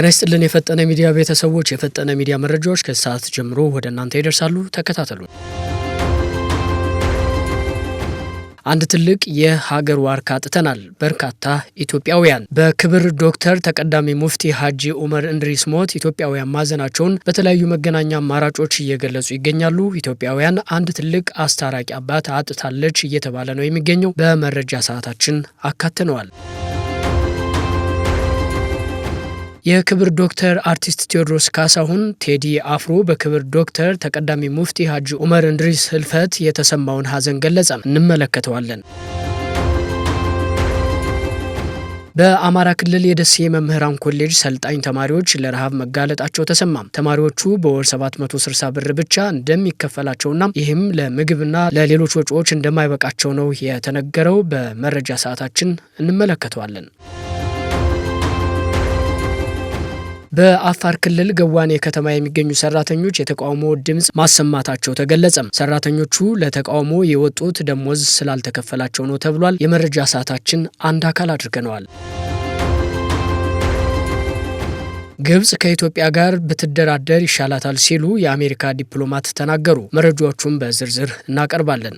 ጤና ይስጥልን የፈጠነ ሚዲያ ቤተሰቦች፣ የፈጠነ ሚዲያ መረጃዎች ከሰዓት ጀምሮ ወደ እናንተ ይደርሳሉ። ተከታተሉ። አንድ ትልቅ የሀገር ዋርካ አጥተናል። በርካታ ኢትዮጵያውያን በክብር ዶክተር ተቀዳሚ ሙፍቲ ሀጂ ኡመር እንድሪስ ሞት ኢትዮጵያውያን ማዘናቸውን በተለያዩ መገናኛ አማራጮች እየገለጹ ይገኛሉ። ኢትዮጵያውያን አንድ ትልቅ አስታራቂ አባት አጥታለች እየተባለ ነው የሚገኘው። በመረጃ ሰዓታችን አካትነዋል። የክብር ዶክተር አርቲስት ቴዎድሮስ ካሳሁን ቴዲ አፍሮ በክብር ዶክተር ተቀዳሚ ሙፍቲ ሀጂ ኡመር እንድሪስ ህልፈት የተሰማውን ሀዘን ገለጸ። እንመለከተዋለን። በአማራ ክልል የደሴ መምህራን ኮሌጅ ሰልጣኝ ተማሪዎች ለረሃብ መጋለጣቸው ተሰማም። ተማሪዎቹ በወር 760 ብር ብቻ እንደሚከፈላቸውና ይህም ለምግብና ለሌሎች ወጪዎች እንደማይበቃቸው ነው የተነገረው። በመረጃ ሰዓታችን እንመለከተዋለን። በአፋር ክልል ገዋኔ ከተማ የሚገኙ ሰራተኞች የተቃውሞ ድምፅ ማሰማታቸው ተገለጸም። ሰራተኞቹ ለተቃውሞ የወጡት ደሞዝ ስላልተከፈላቸው ነው ተብሏል። የመረጃ ሰዓታችን አንድ አካል አድርገነዋል። ግብጽ ከኢትዮጵያ ጋር ብትደራደር ይሻላታል ሲሉ የአሜሪካ ዲፕሎማት ተናገሩ። መረጃዎቹን በዝርዝር እናቀርባለን።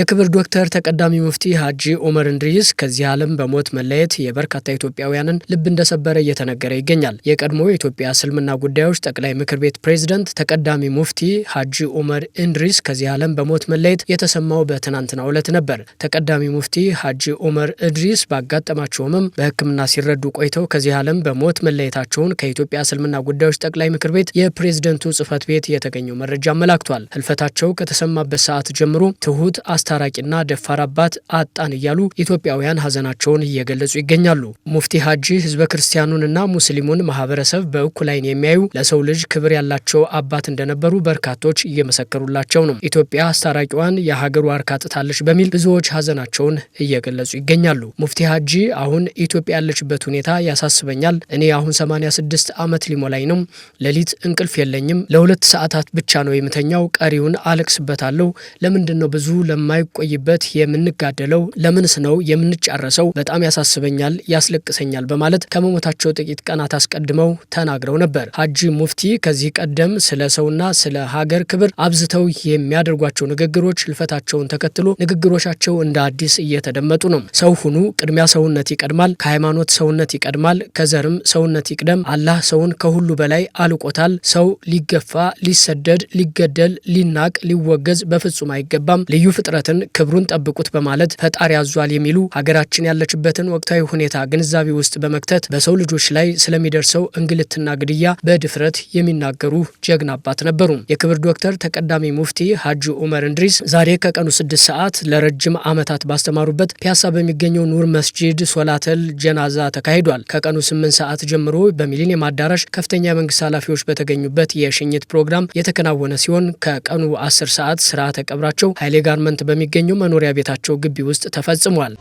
የክብር ዶክተር ተቀዳሚ ሙፍቲ ሀጂ ኦመር እንድሪስ ከዚህ ዓለም በሞት መለየት የበርካታ ኢትዮጵያውያንን ልብ እንደሰበረ እየተነገረ ይገኛል። የቀድሞ የኢትዮጵያ እስልምና ጉዳዮች ጠቅላይ ምክር ቤት ፕሬዝደንት ተቀዳሚ ሙፍቲ ሀጂ ኦመር እንድሪስ ከዚህ ዓለም በሞት መለየት የተሰማው በትናንትናው ዕለት ነበር። ተቀዳሚ ሙፍቲ ሀጂ ኦመር እንድሪስ ባጋጠማቸው በህክምና በሕክምና ሲረዱ ቆይተው ከዚህ ዓለም በሞት መለየታቸውን ከኢትዮጵያ እስልምና ጉዳዮች ጠቅላይ ምክር ቤት የፕሬዝደንቱ ጽህፈት ቤት የተገኘው መረጃ አመላክቷል። ህልፈታቸው ከተሰማበት ሰዓት ጀምሮ ትሁት አስታራቂና ደፋር አባት አጣን እያሉ ኢትዮጵያውያን ሀዘናቸውን እየገለጹ ይገኛሉ። ሙፍቲ ሀጂ ህዝበ ክርስቲያኑንና ሙስሊሙን ማህበረሰብ በእኩል ዓይን የሚያዩ ለሰው ልጅ ክብር ያላቸው አባት እንደነበሩ በርካቶች እየመሰከሩላቸው ነው። ኢትዮጵያ አስታራቂዋን የሀገሩ ዋርካ ጥታለች በሚል ብዙዎች ሀዘናቸውን እየገለጹ ይገኛሉ። ሙፍቲ ሀጂ አሁን ኢትዮጵያ ያለችበት ሁኔታ ያሳስበኛል። እኔ አሁን 86 ዓመት ሊሞላኝ ነው። ሌሊት እንቅልፍ የለኝም። ለሁለት ሰዓታት ብቻ ነው የምተኛው። ቀሪውን አለቅስበታለሁ። ለምንድን ነው ብዙ ለማ የማይቆይበት የምንጋደለው ለምንስ ነው የምንጫረሰው? በጣም ያሳስበኛል፣ ያስለቅሰኛል በማለት ከመሞታቸው ጥቂት ቀናት አስቀድመው ተናግረው ነበር። ሀጂ ሙፍቲ ከዚህ ቀደም ስለ ሰውና ስለ ሀገር ክብር አብዝተው የሚያደርጓቸው ንግግሮች ህልፈታቸውን ተከትሎ ንግግሮቻቸው እንደ አዲስ እየተደመጡ ነው። ሰው ሁኑ፣ ቅድሚያ ሰውነት ይቀድማል፣ ከሃይማኖት ሰውነት ይቀድማል፣ ከዘርም ሰውነት ይቅደም፣ አላህ ሰውን ከሁሉ በላይ አልቆታል፣ ሰው ሊገፋ፣ ሊሰደድ፣ ሊገደል፣ ሊናቅ፣ ሊወገዝ በፍጹም አይገባም፣ ልዩ ፍጥረት እውቀትን፣ ክብሩን ጠብቁት በማለት ፈጣሪ አዟል የሚሉ ሀገራችን ያለችበትን ወቅታዊ ሁኔታ ግንዛቤ ውስጥ በመክተት በሰው ልጆች ላይ ስለሚደርሰው እንግልትና ግድያ በድፍረት የሚናገሩ ጀግና አባት ነበሩ። የክብር ዶክተር ተቀዳሚ ሙፍቲ ሀጂ ኡመር እንድሪስ ዛሬ ከቀኑ ስድስት ሰዓት ለረጅም ዓመታት ባስተማሩበት ፒያሳ በሚገኘው ኑር መስጂድ ሶላተል ጀናዛ ተካሂዷል። ከቀኑ ስምንት ሰዓት ጀምሮ በሚሊኒየም አዳራሽ ከፍተኛ የመንግስት ኃላፊዎች በተገኙበት የሽኝት ፕሮግራም የተከናወነ ሲሆን ከቀኑ አስር ሰዓት ስርዓተ ቀብራቸው ኃይሌ ጋርመንት በሚገኘው መኖሪያ ቤታቸው ግቢ ውስጥ ተፈጽሟል።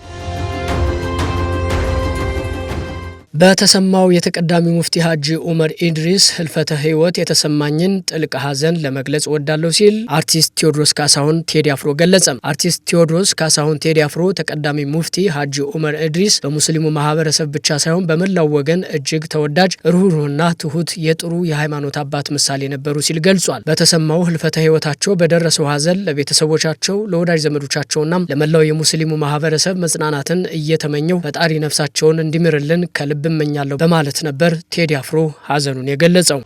በተሰማው የተቀዳሚ ሙፍቲ ሀጂ ኡመር ኢድሪስ ህልፈተ ህይወት የተሰማኝን ጥልቅ ሀዘን ለመግለጽ እወዳለሁ ሲል አርቲስት ቴዎድሮስ ካሳሁን ቴዲ አፍሮ ገለጸም። አርቲስት ቴዎድሮስ ካሳሁን ቴዲ አፍሮ ተቀዳሚ ሙፍቲ ሀጂ ኡመር ኢድሪስ በሙስሊሙ ማህበረሰብ ብቻ ሳይሆን በመላው ወገን እጅግ ተወዳጅ፣ ርኅሩህና ትሁት የጥሩ የሃይማኖት አባት ምሳሌ ነበሩ ሲል ገልጿል። በተሰማው ህልፈተ ህይወታቸው በደረሰው ሀዘን ለቤተሰቦቻቸው፣ ለወዳጅ ዘመዶቻቸውና ለመላው የሙስሊሙ ማህበረሰብ መጽናናትን እየተመኘው ፈጣሪ ነፍሳቸውን እንዲምርልን ከልብ ልብ እመኛለሁ በማለት ነበር ቴዲ አፍሮ ሀዘኑን የገለጸው።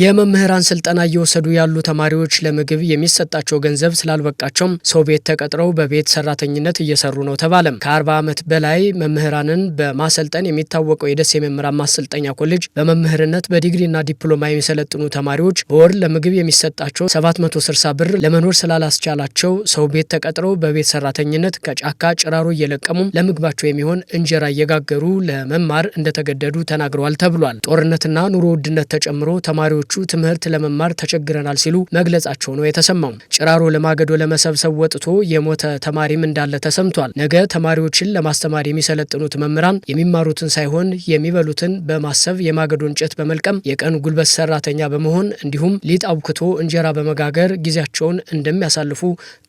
የመምህራን ስልጠና እየወሰዱ ያሉ ተማሪዎች ለምግብ የሚሰጣቸው ገንዘብ ስላልበቃቸውም ሰው ቤት ተቀጥረው በቤት ሰራተኝነት እየሰሩ ነው ተባለም። ከ40 ዓመት በላይ መምህራንን በማሰልጠን የሚታወቀው የደሴ መምህራን ማሰልጠኛ ኮሌጅ በመምህርነት በዲግሪና ዲፕሎማ የሚሰለጥኑ ተማሪዎች በወር ለምግብ የሚሰጣቸው 760 ብር ለመኖር ስላላስቻላቸው ሰው ቤት ተቀጥረው በቤት ሰራተኝነት ከጫካ ጭራሮ እየለቀሙም ለምግባቸው የሚሆን እንጀራ እየጋገሩ ለመማር እንደተገደዱ ተናግረዋል ተብሏል። ጦርነትና ኑሮ ውድነት ተጨምሮ ተማሪዎች ተማሪዎቹ ትምህርት ለመማር ተቸግረናል ሲሉ መግለጻቸው ነው የተሰማው። ጭራሮ ለማገዶ ለመሰብሰብ ወጥቶ የሞተ ተማሪም እንዳለ ተሰምቷል። ነገ ተማሪዎችን ለማስተማር የሚሰለጥኑት መምህራን የሚማሩትን ሳይሆን የሚበሉትን በማሰብ የማገዶ እንጨት በመልቀም የቀን ጉልበት ሰራተኛ በመሆን እንዲሁም ሊጥ አውክቶ እንጀራ በመጋገር ጊዜያቸውን እንደሚያሳልፉ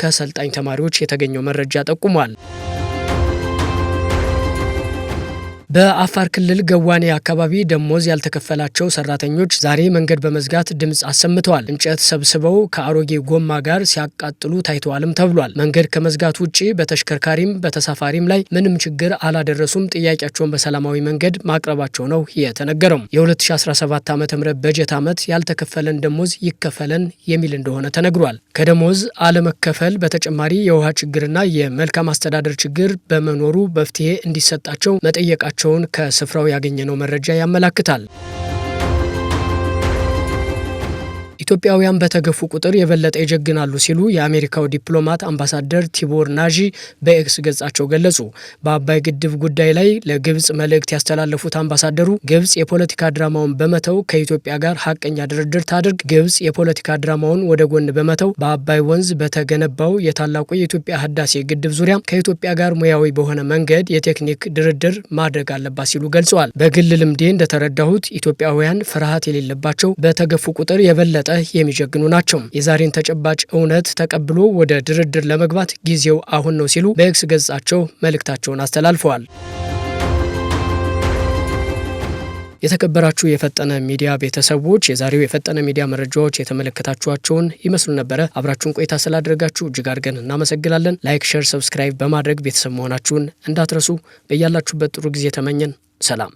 ከሰልጣኝ ተማሪዎች የተገኘው መረጃ ጠቁሟል። በአፋር ክልል ገዋኔ አካባቢ ደሞዝ ያልተከፈላቸው ሰራተኞች ዛሬ መንገድ በመዝጋት ድምፅ አሰምተዋል። እንጨት ሰብስበው ከአሮጌ ጎማ ጋር ሲያቃጥሉ ታይተዋልም ተብሏል። መንገድ ከመዝጋት ውጭ በተሽከርካሪም በተሳፋሪም ላይ ምንም ችግር አላደረሱም፣ ጥያቄያቸውን በሰላማዊ መንገድ ማቅረባቸው ነው የተነገረው። የ2017 ዓ ም በጀት ዓመት ያልተከፈለን ደሞዝ ይከፈለን የሚል እንደሆነ ተነግሯል። ከደሞዝ አለመከፈል በተጨማሪ የውሃ ችግርና የመልካም አስተዳደር ችግር በመኖሩ መፍትሄ እንዲሰጣቸው መጠየቃቸው መሆናቸውን ከስፍራው ያገኘነው መረጃ ያመላክታል። ኢትዮጵያውያን በተገፉ ቁጥር የበለጠ ይጀግናሉ ሲሉ የአሜሪካው ዲፕሎማት አምባሳደር ቲቦር ናዢ በኤክስ ገጻቸው ገለጹ። በአባይ ግድብ ጉዳይ ላይ ለግብጽ መልእክት ያስተላለፉት አምባሳደሩ ግብጽ የፖለቲካ ድራማውን በመተው ከኢትዮጵያ ጋር ሀቀኛ ድርድር ታድርግ። ግብጽ የፖለቲካ ድራማውን ወደ ጎን በመተው በአባይ ወንዝ በተገነባው የታላቁ የኢትዮጵያ ህዳሴ ግድብ ዙሪያ ከኢትዮጵያ ጋር ሙያዊ በሆነ መንገድ የቴክኒክ ድርድር ማድረግ አለባት ሲሉ ገልጸዋል። በግል ልምዴ እንደተረዳሁት ኢትዮጵያውያን ፍርሃት የሌለባቸው በተገፉ ቁጥር የበለጠ የሚጀግኑ ናቸው። የዛሬን ተጨባጭ እውነት ተቀብሎ ወደ ድርድር ለመግባት ጊዜው አሁን ነው ሲሉ በኤክስ ገጻቸው መልእክታቸውን አስተላልፈዋል። የተከበራችሁ የፈጠነ ሚዲያ ቤተሰቦች የዛሬው የፈጠነ ሚዲያ መረጃዎች የተመለከታችኋቸውን ይመስሉ ነበረ። አብራችሁን ቆይታ ስላደረጋችሁ እጅግ አድርገን እናመሰግናለን። ላይክ፣ ሸር፣ ሰብስክራይብ በማድረግ ቤተሰብ መሆናችሁን እንዳትረሱ። በያላችሁበት ጥሩ ጊዜ ተመኘን። ሰላም